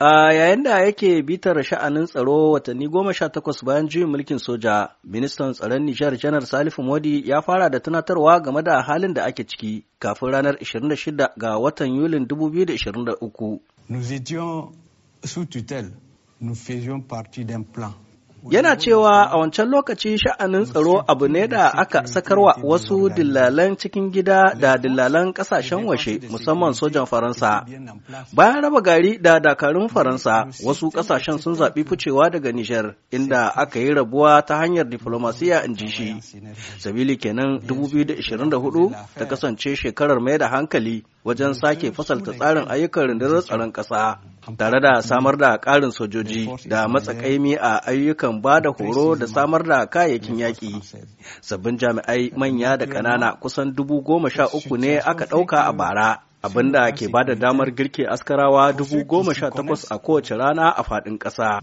A yayin da yake bitar sha'anin tsaro watanni goma sha takwas bayan juyin mulkin soja, ministan tsaron Nijar Janar Salifu Modi ya fara da tunatarwa game da halin da ake ciki kafin ranar 26 ga watan Yulin 2023. Nous étions sous tutelle, nous faisions partie d'un plan. Yana cewa a wancan lokaci sha'anin tsaro abu ne da aka sakarwa wasu dillalan cikin gida da dillalan kasashen washe musamman sojan Faransa. Bayan raba gari da dakarun Faransa, wasu kasashen sun zaɓi ficewa daga Nijar inda aka yi rabuwa ta hanyar diflomasiya in ji shi. Sabili kenan 2024 ta kasance shekarar mai da hankali wajen sake fasalta tsarin ayyukan rundunar tsaron ƙasa. tare da samar da ƙarin sojoji da matsakaimi a ayyukan ba da horo da samar da kayayyakin yaƙi. Sabbin jami'ai manya da ƙanana kusan dubu goma sha uku ne aka ɗauka a bara. abinda ke ba da damar girke askarawa dubu goma sha takwas a kowace rana a faɗin ƙasa.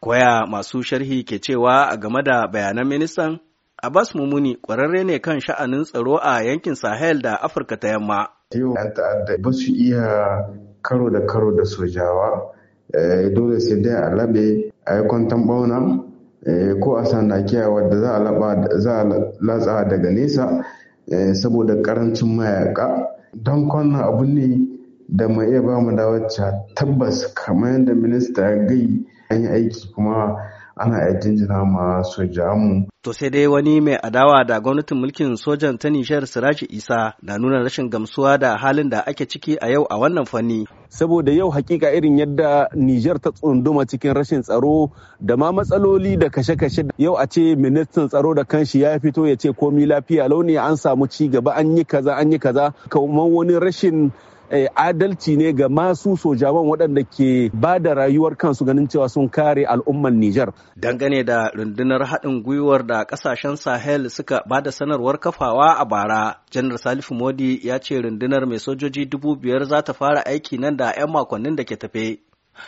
Koya masu sharhi ke cewa a game da bayanan ministan? a Abbas Mumuni ƙwararre ne kan sha'anin tsaro a yankin Sahel da Afirka ta yamma. Yau ‘yan ta'adda ba su iya karo da karo da sojawa, eh, dole sai dai a labe a yi kwantan bauna eh, ko a sandakiya wadda za a latsa daga nesa eh, saboda karancin mayaka. Don kwanan abu ne da ma iya ba mu da tabbas kamar yadda minista ya gai an yi aiki kuma ana iya jinjina ma soja mu. To sai dai wani mai adawa da gwamnatin mulkin sojan ta Nishar Siraji Isa na nuna rashin gamsuwa da halin da ake ciki a yau a wannan fanni. Saboda yau hakika irin yadda Nijar ta tsunduma cikin rashin tsaro da ma matsaloli da kashe-kashe yau a ce ministan tsaro da kanshi ya fito ya ce komi lafiya launi an samu ci gaba an yi kaza an yi kaza kamar wani rashin Eh, adalci ne ga masu sojawan waɗanda ke ba da rayuwar kansu ganin cewa sun kare al'umman Nijar. Dangane da rundunar haɗin gwiwar da ƙasashen Sahel suka ba da sanarwar kafawa a bara, Janar Salifu Modi ya ce rundunar mai sojoji dubu biyar za ta fara aiki nan da 'yan makonnin da ke tafe.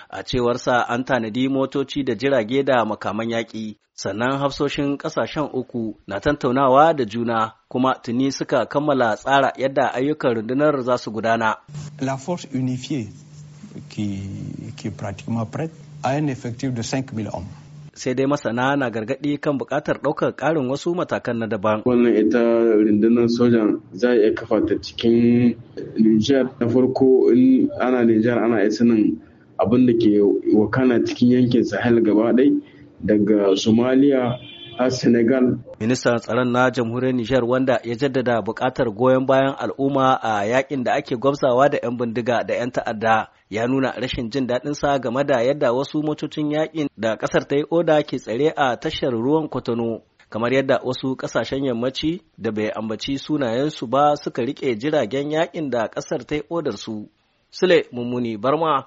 a cewarsa an tanadi motoci da jirage da makaman yaƙi sannan hafsoshin ƙasashen uku na tantaunawa da juna kuma tuni suka kammala tsara yadda ayyukan rundunar za su gudana. La force unifiée qui, qui pratiquement prête a un effectif de 5000 hommes. sai dai masana na gargadi kan buƙatar ɗaukar ƙarin wasu matakan na daban. Wannan ita rundunar sojan za iya kafa ta cikin Nijar na farko in ana Nijar ana isa nan abin da ke wakana cikin yankin sahel gaba ɗai daga somalia a senegal ministan tsaron na jamhuriyar nijar wanda ya jaddada buƙatar goyon bayan al'umma a yakin da ake gwamsawa da 'yan bindiga da 'yan ta'adda ya nuna rashin jin daɗin sa game da yadda wasu motocin yakin da ƙasar ta yi oda ke tsare a tashar ruwan kwatano kamar yadda wasu ƙasashen yammaci da bai ambaci sunayensu ba suka rike jiragen yakin da ƙasar ta yi odar su. Sule Mummuni Barma